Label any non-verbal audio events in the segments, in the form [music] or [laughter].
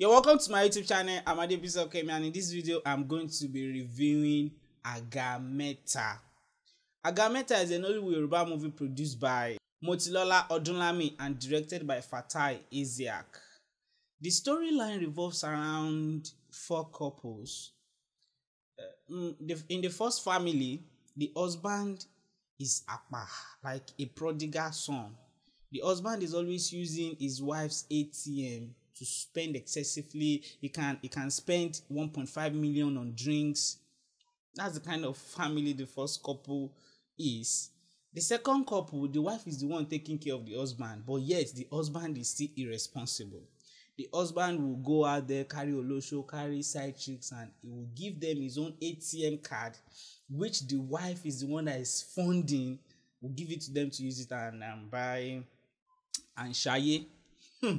You're welcome to my YouTube channel. I'm Adebisi Okemi and in this video I'm going to be reviewing Agameta. Agameta is a Nollywood Yoruba movie produced by Motilola Odunlami and directed by Fatai Isiaq. The storyline revolves around four couples. Uh, mm, in the first family, the husband is Apa, like a prodigal son. The husband is always using his wife's ATM to spend excessively. You can you can spend 1.5 million on drinks. That's the kind of family the first couple is. The second couple, the wife is the one taking care of the husband, but yet the husband is still irresponsible. The husband will go out there, carry olosho, carry side chicks, and he will give them his own ATM card, which the wife is the one that is funding, will give it to them to use it and, and buy and shaye. Hmm.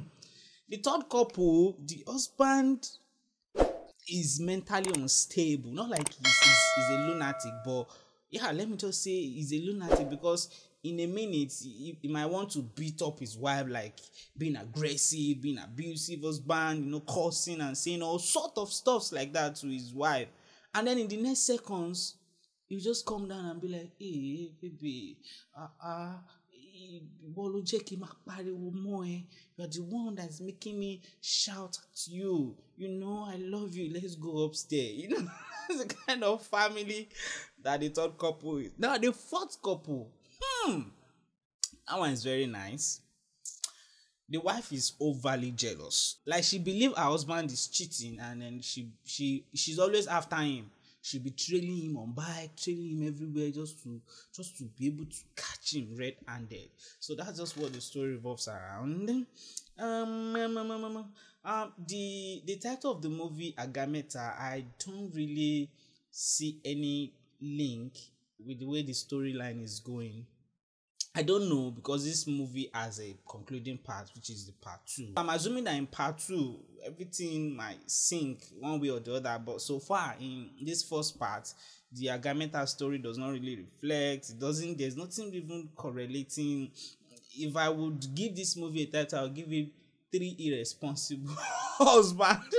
The third couple, the husband is mentally unstable. Not like he's, he's, he's a lunatic, but yeah, let me just say he's a lunatic because in a minute he, he might want to beat up his wife like being aggressive being abusive husband you know cursing and saying all sort of stuffs like that to his wife and then in the next seconds you just come down and be like hey baby ah uh, ah ìwọ ló jẹ́ kí n máa pariwo mọ́ ẹ you are the one that is making me shout at you you know i love you let's go upstairs [laughs] you know that's the kind of family that the third couple is now the fourth couple hmm that one is very nice the wife is overly jealous like she believe her husband is cheating and then she she she's always after him she be trailing him on bike trailing him everywhere just to just to be able to catch him red-handed so that's just what the story revolves around um, um, um, um, um, um, um the the title of the movie agameta i don't really see any link with the way the storyline is going I don't know because this movie has a concluding part, which is the part two. I'm assuming that in part two, everything might sink one way or the other. But so far in this first part, the Agamemnon story does not really reflect. It doesn't. There's nothing even correlating. If I would give this movie a title, I'll give it Three Irresponsible [laughs] Husbands.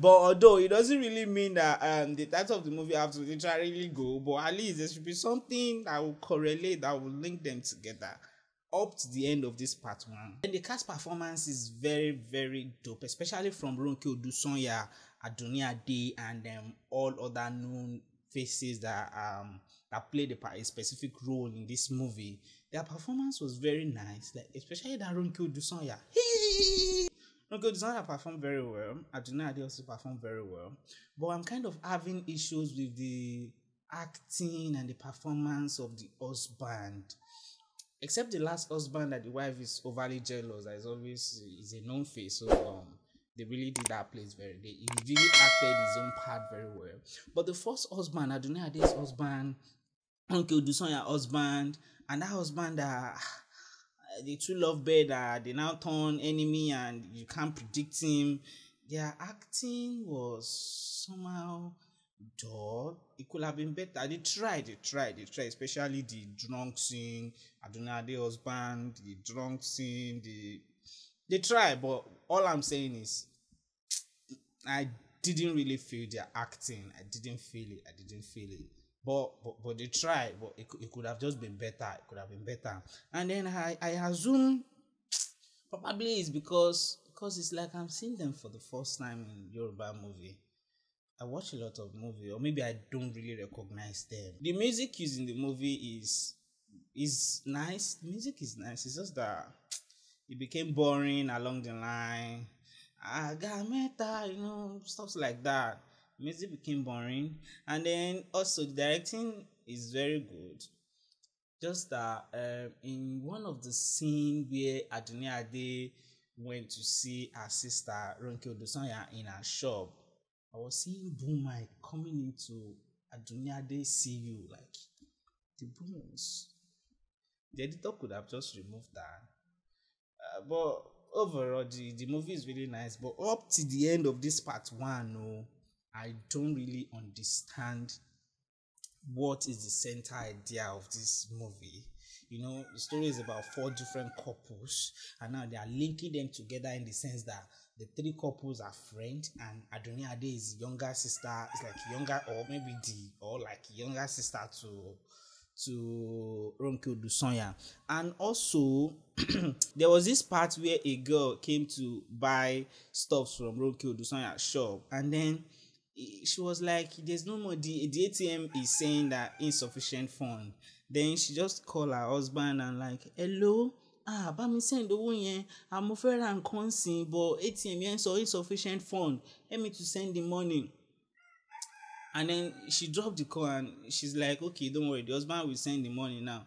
But although it doesn't really mean that um, the title of the movie have to literally go, but at least there should be something that will correlate, that will link them together up to the end of this part one. And the cast performance is very, very dope, especially from Ronke Odusonya, Adoni Ade, and um, all other known faces that um that played a, a specific role in this movie. Their performance was very nice, like especially that Ronke Odusonya. [laughs] Mongo Designer performed very well. Adunade also performed very well. But I'm kind of having issues with the acting and the performance of the husband. Except the last husband that the wife is overly jealous. That is always is a known face. So um, they really did that place very. They, he really acted his own part very well. But the first husband, Adunade's husband, Uncle Dusonya husband, and that husband that. Uh, the two lovebird uh, they now turn enemy and you can't predict him their acting was somehow dull it could have been better they tried they tried they tried especially the drunk scene adunade husband the drunk scene the they tried but all i'm saying is i didn't really feel their acting i didn't feel it i didn't feel it But, but, but they tried, but it, it could have just been better. It could have been better. And then I, I assume probably it's because because it's like I'm seeing them for the first time in Yoruba movie. I watch a lot of movie, or maybe I don't really recognize them. The music used in the movie is is nice. The music is nice. It's just that it became boring along the line. I got meta, you know, stuff like that. music became boring and then also the directing is very good just that um, in one of the scene where Adunni Ade went to see her sister Ronke Odosanya in her shop I was seeing boom coming into Adunni Ade's CU like the boom the editor could have just removed that uh, but overall the the movie is really nice but up to the end of this part one no. Oh, I don't really understand what is the center idea of this movie. You know, the story is about four different couples, and now they are linking them together in the sense that the three couples are friends, and Adonia Ade is younger sister, is like younger or maybe the or like younger sister to to Ronke Odusonya. And also, [clears throat] there was this part where a girl came to buy stuffs from Ronke Odusonya shop, and then she was like there's no money. the, the atm is saying that insufficient fund then she just call her husband and like hello ah bá me send the yẹn I'm ah, fẹ́ ra nǹkan but atm yẹn sọ insufficient fund help me to send the money and then she drop the call and she's like okay don't worry the husband will send the money now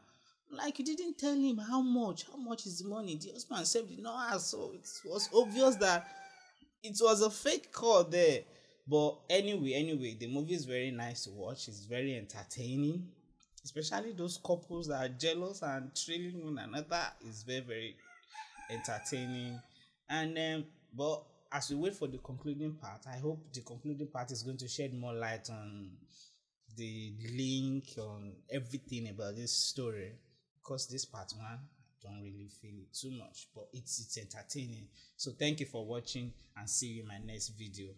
like you didn't tell him how much how much is the money the husband said, "No, not ah, so it was obvious that it was a fake call there But anyway, anyway, the movie is very nice to watch. It's very entertaining, especially those couples that are jealous and trailing one another. It's very very entertaining. And um, but as we wait for the concluding part, I hope the concluding part is going to shed more light on the link on everything about this story because this part one I don't really feel it too much but it's it's entertaining so thank you for watching and see you in my next video